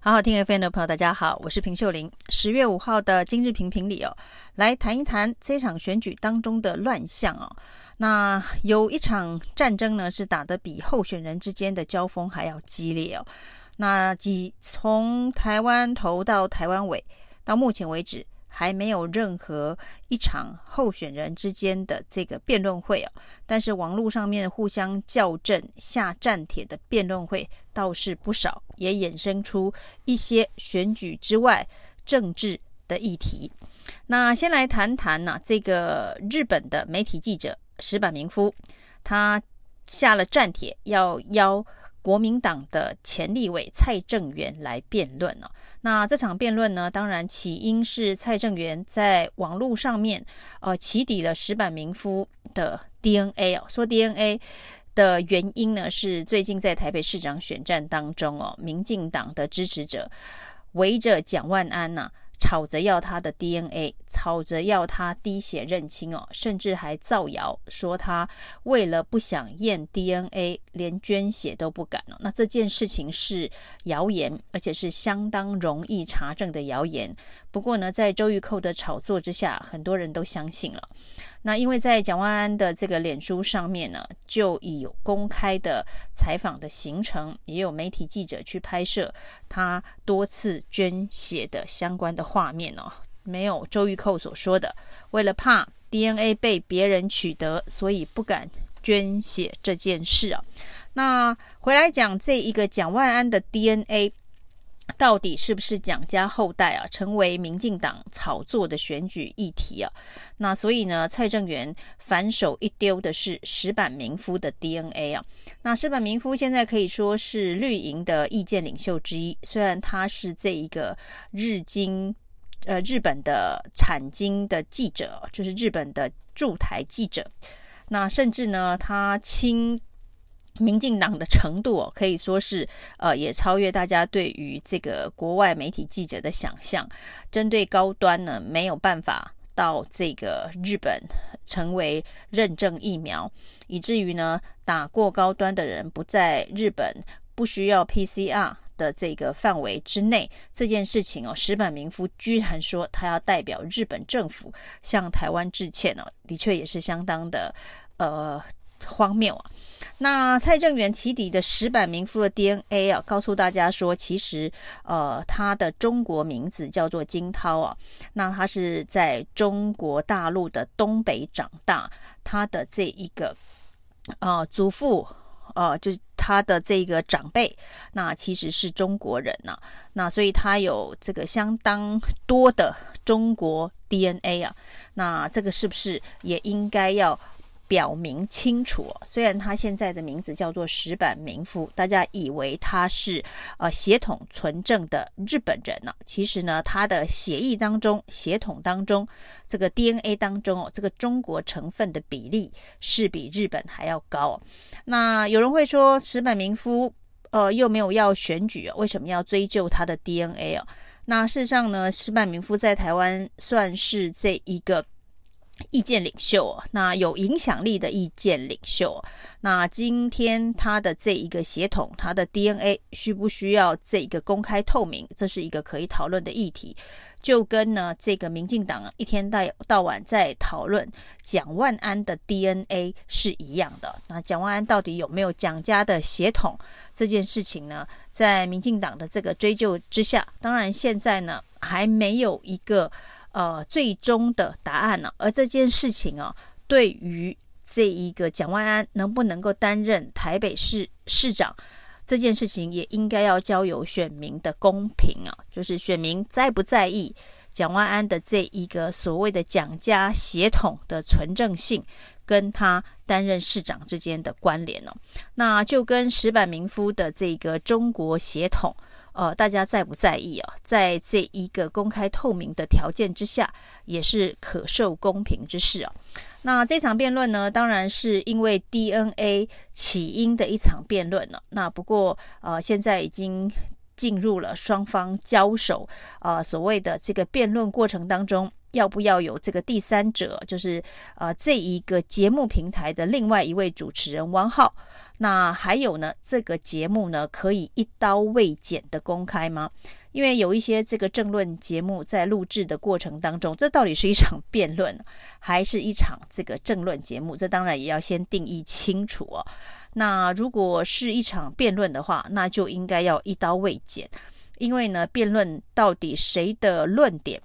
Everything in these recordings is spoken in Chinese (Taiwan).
好好聽 FM 的朋友，大家好，我是平秀玲。十月五號的今日評評理哦，來談一談這場選舉當中的亂象哦。那有一場戰爭呢，是打得比候選人之間的交鋒還要激烈哦。那即從台灣頭到台灣尾，到目前為止。還沒有任何一場候選人之間的這個辯論會啊，但是網絡上面互相叫陣、下戰帖的辯論會倒是不少，也衍生出一些選舉之外政治的議題。那先來談談呢、啊，這個日本的媒體記者矢板明夫，他下了戰帖要邀。國民黨的前立委蔡正元來辯論了哦。那這場辯論呢，當然起因是蔡正元在網絡上面，呃，起底了矢板明夫的 DNA 哦。說 DNA 的原因呢，是最近在台北市長選戰當中哦，民進黨的支持者圍着蔣萬安吶、啊。吵着要他的 DNA，吵着要他滴血認親哦，甚至還造謠說他為了不想驗 DNA，連捐血都不敢哦。那這件事情是謠言，而且是相當容易查證的謠言。不過呢，在周玉蔻的炒作之下，很多人都相信了。那因為在蔣萬安的這個臉書上面呢，就已有公開的採訪的行程，也有媒體記者去拍攝他多次捐血的相關的畫面哦。沒有周玉蔻所說的，為了怕 DNA 被別人取得，所以不敢捐血這件事啊。那回來講這一個蔣萬安的 DNA。到底是不是蔣家後代啊？成為民進黨炒作的選舉議題啊？那所以呢，蔡正元反手一丟的是矢板明夫的 DNA 啊。那矢板明夫現在可以說是綠營的意見領袖之一，雖然他是這一個日經呃日本的產經的記者，就是日本的駐台記者。那甚至呢，他親。民進黨的程度哦，可以說是呃，也超越大家對於這個國外媒體記者的想象，針對高端呢，沒有辦法到這個日本成為認證疫苗，以至於呢，打過高端的人不在日本不需要 PCR 的這個範圍之內。這件事情哦，矢板明夫居然說他要代表日本政府向台灣致歉哦，的確也是相當的呃。荒謬啊！那蔡正元起底的矢板明夫的 DNA 啊，告訴大家說，其實呃，他的中國名字叫做金濤啊。那他是在中國大陸的東北長大，他的這一個啊、呃、祖父呃，就是他的這個長輩，那其實是中國人呐、啊。那所以他有這個相當多的中國 DNA 啊。那這個是不是也應該要，表明清楚，雖然他現在的名字叫做矢板明夫，大家以為他是呃血統純正的日本人呢、啊，其實呢他的血裔當中、血統當中、這個 DNA 當中哦，這個中國成分的比例是比日本還要高、啊。那有人會說矢板明夫呃又沒有要選舉哦，為什麼要追究他的 DNA 哦、啊？那事實上呢，矢板明夫在台灣算是這一個。意見領袖，那有影響力的意見領袖，那今天他的這一個血統，他的 DNA 需不需要這一個公開透明？這是一個可以討論的議題，就跟呢這個民進黨一天到到晚在討論蔣萬安的 DNA 是一樣的。那蔣萬安到底有沒有蔣家的血統這件事情呢？在民進黨的這個追究之下，當然現在呢還沒有一個。呃，最終的答案呢、啊？而這件事情啊，對於這一個蔣萬安能不能夠擔任台北市市長這件事情，也應該要交由選民的公平啊，就是選民在不在意蔣萬安的這一個所謂的蔣家血統的純正性，跟他擔任市長之間的關聯呢、啊？那就跟矢板明夫的這個中國血統。呃，大家在不在意啊？在這一個公開透明的條件之下，也是可受公平之事啊。那這場辯論呢，當然是因為 DNA 起因的一場辯論了。那不過呃，現在已經進入了雙方交手呃所謂的這個辯論過程當中。要不要有這個第三者？就是呃，這一個節目平台的另外一位主持人汪浩。那還有呢？這個節目呢，可以一刀未剪的公開嗎？因為有一些這個政論節目在錄製的過程當中，這到底是一場辯論，還是一場這個政論節目？這當然也要先定義清楚哦。那如果是一場辯論的話，那就應該要一刀未剪，因為呢，辯論到底誰的論點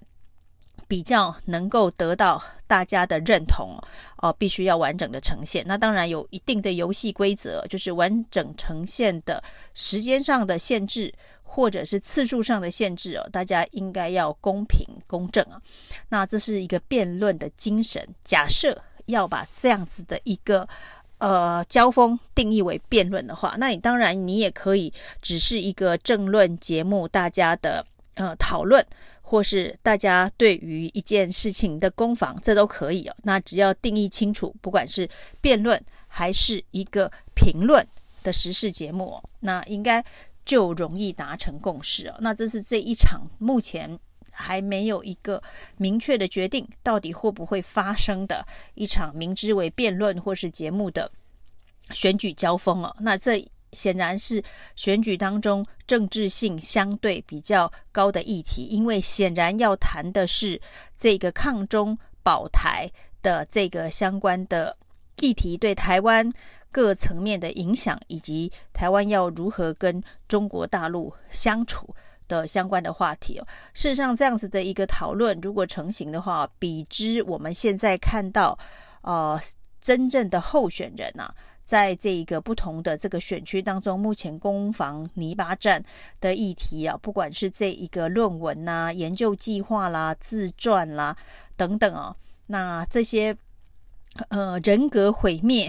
比較能夠得到大家的認同哦，呃，必須要完整的呈現。那當然有一定的遊戲規則，就是完整呈現的時間上的限制，或者是次數上的限制哦。大家應該要公平公正啊。那這是一個辯論的精神。假設要把這樣子的一個呃交鋒定義為辯論的話，那你當然你也可以只是一個政論節目，大家的呃討論。討論或是大家對於一件事情的攻防，這都可以哦、啊。那只要定義清楚，不管是辯論還是一個評論的時事節目，那應該就容易達成共識哦、啊。那這是這一場目前還沒有一個明確的決定，到底會不會發生的，一場明知為辯論或是節目的選舉交鋒哦、啊。那這。顯然是選舉當中政治性相對比較高的議題，因為顯然要談的是這個抗中保台的這個相關的議題，對台灣各層面的影響，以及台灣要如何跟中國大陸相處的相關的話題。事實上，這樣子的一個討論如果成型的話，比之我們現在看到，呃。真正的候選人吶、啊，在這一個不同的這個選區當中，目前攻防泥巴戰的議題啊，不管是這一個論文吶、啊、研究計劃啦、自傳啦等等啊，那這些呃人格毀滅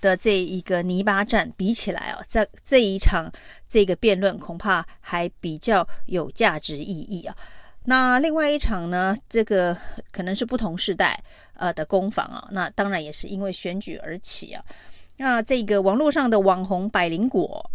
的這一個泥巴戰比起來啊，在這一場這個辯論恐怕還比較有價值意義啊。那另外一場呢？這個可能是不同世代，呃的攻防啊。那當然也是因為選舉而起啊。那這個網絡上的網紅百靈果，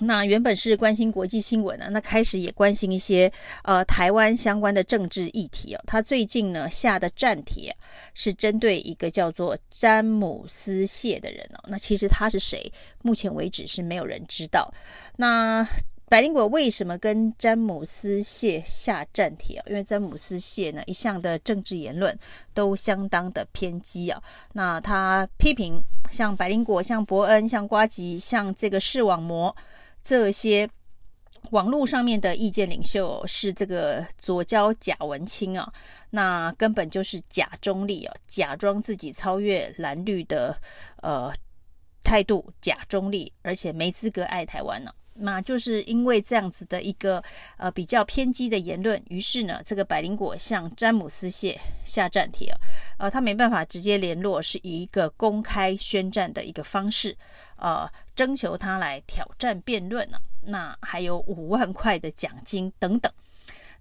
那原本是關心國際新聞呢、啊、那開始也關心一些呃台灣相關的政治議題哦、啊。他最近呢下的戰帖是針對一個叫做詹姆士謝的人哦、啊。那其實他是誰？目前為止是沒有人知道。那。百靈果為什麼跟詹姆士謝下戰帖啊？因為詹姆士謝呢一向的政治言論都相當的偏激啊。那他批評像百靈果，像博恩，像呱吉，像這個視網膜這些網絡上面的意見領袖是這個左膠假文青啊，那根本就是假中立哦、啊，假裝自己超越藍綠的呃態度，假中立，而且沒資格愛台灣呢、啊。那就是因為這樣子的一個呃比較偏激的言論，於是呢，這個百靈果向詹姆士謝下戰帖、啊、呃，他沒辦法直接聯絡，是以一個公開宣戰的一個方式，呃，徵求他來挑戰辯論呢、啊。那還有五萬塊的獎金等等。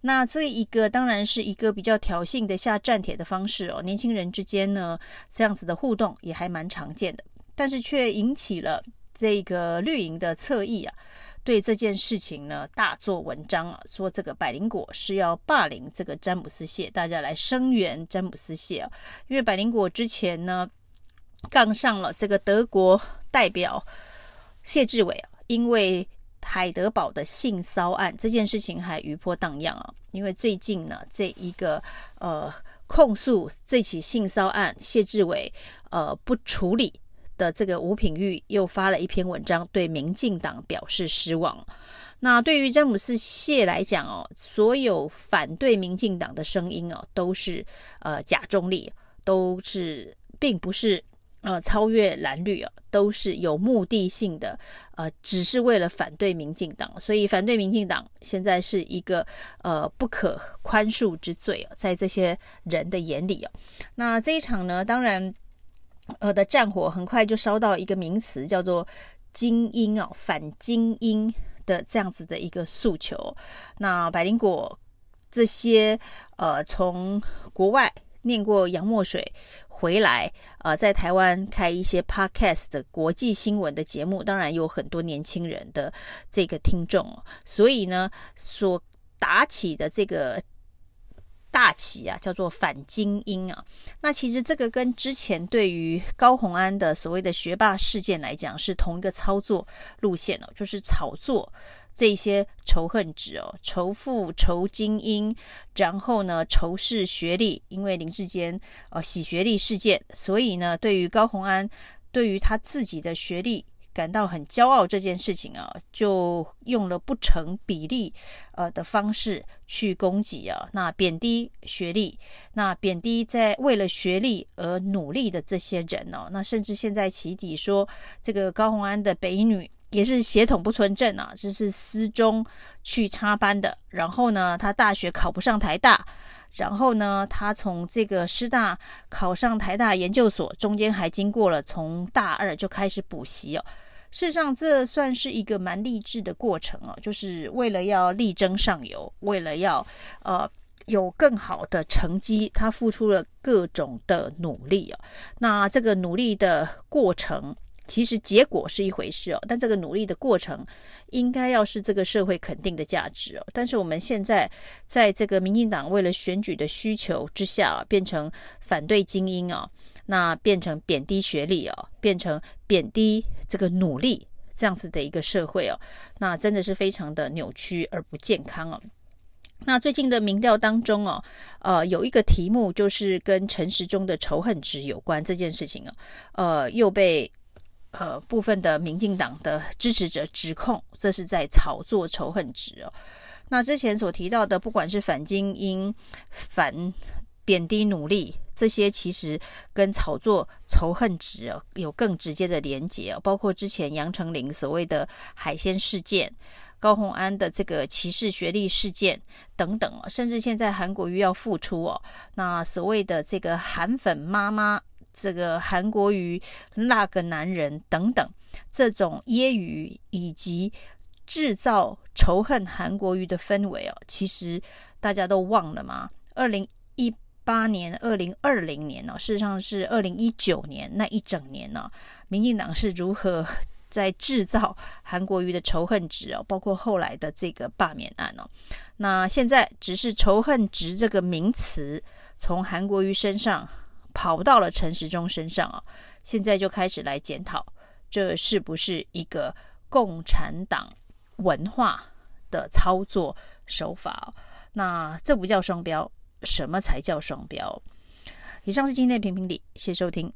那這一個當然是一個比較挑釁的下戰帖的方式哦。年輕人之間呢，這樣子的互動也還蠻常見的，但是卻引起了這個綠營的側翼啊。對這件事情呢，大做文章啊，說這個百靈果是要霸凌這個詹姆士謝，大家來聲援詹姆士謝啊，因為百靈果之前呢，槓上了這個德國代表謝志偉啊，因為海德堡的性騷案這件事情還餘波盪漾啊，因為最近呢，這一個呃控訴這起性騷案，謝志偉呃不處理。的這個吳品玉又發了一篇文章，對民進黨表示失望。那對於詹姆士謝來講哦，所有反對民進黨的聲音哦，都是呃假中立，都是並不是呃超越藍綠哦，都是有目的性的，呃，只是為了反對民進黨。所以反對民進黨現在是一個呃不可寬恕之罪哦，在這些人的眼裡哦，那這一場呢，當然。呃的戰火很快就燒到一個名詞，叫做“精英”啊，反精英的這樣子的一個訴求。那百靈果這些呃，從國外念過洋墨水回來呃，在台灣開一些 podcast 的國際新聞的節目，當然有很多年輕人的這個聽眾。所以呢，所打起的這個。大旗啊，叫做反精英啊。那其實這個跟之前對於高虹安的所謂的學霸事件來講，是同一個操作路線哦，就是炒作這些仇恨值哦，仇富、仇精英，然後呢，仇視學歷。因為林智堅呃洗學歷事件，所以呢，對於高虹安，對於他自己的學歷。感到很驕傲這件事情啊，就用了不成比例呃的方式去攻擊啊，那貶低學歷，那貶低在為了學歷而努力的這些人哦、啊，那甚至現在起底說這個高虹安的北一女也是血統不純正啊，這是私中去插班的，然後呢，她大學考不上台大，然後呢，她從這個師大考上台大研究所，中間還經過了從大二就開始補習哦、啊。事實上，這算是一個蠻勵志的過程哦。就是為了要力爭上游，為了要呃有更好的成績，他付出了各種的努力哦。那這個努力的過程，其實結果是一回事哦。但這個努力的過程，應該要是這個社會肯定的價值哦。但是我們現在在這個民進黨為了選舉的需求之下啊，變成反對精英哦，那變成貶低學歷哦，變成貶低。這個努力這樣子的一個社會哦，那真的是非常的扭曲而不健康哦。那最近的民調當中哦，呃，有一個題目就是跟陳時中的仇恨值有關這件事情哦，呃，又被呃部分的民進黨的支持者指控這是在炒作仇恨值哦。那之前所提到的，不管是反精英反。貶低努力這些其實跟炒作仇恨值、啊、有更直接的連接，啊，包括之前楊丞琳所謂的海鮮事件、高虹安的這個歧視學歷事件等等，啊，甚至現在韓國瑜要復出哦、啊，那所謂的這個韓粉媽媽、這個韓國瑜那個男人等等，這種揶揄以及製造仇恨韓國瑜的氛圍哦、啊，其實大家都忘了嗎？二零一。八年二零二零年哦，事實上是二零一九年那一整年呢，民進黨是如何在制造韓國瑜的仇恨值哦，包括後來的這個罷免案哦，那現在只是仇恨值這個名詞從韓國瑜身上跑到了陳時中身上哦。現在就開始來檢討這是不是一個共產黨文化的操作手法哦，那這不叫雙標。什麼才叫雙標？以上是今天的評評理，謝謝收聽。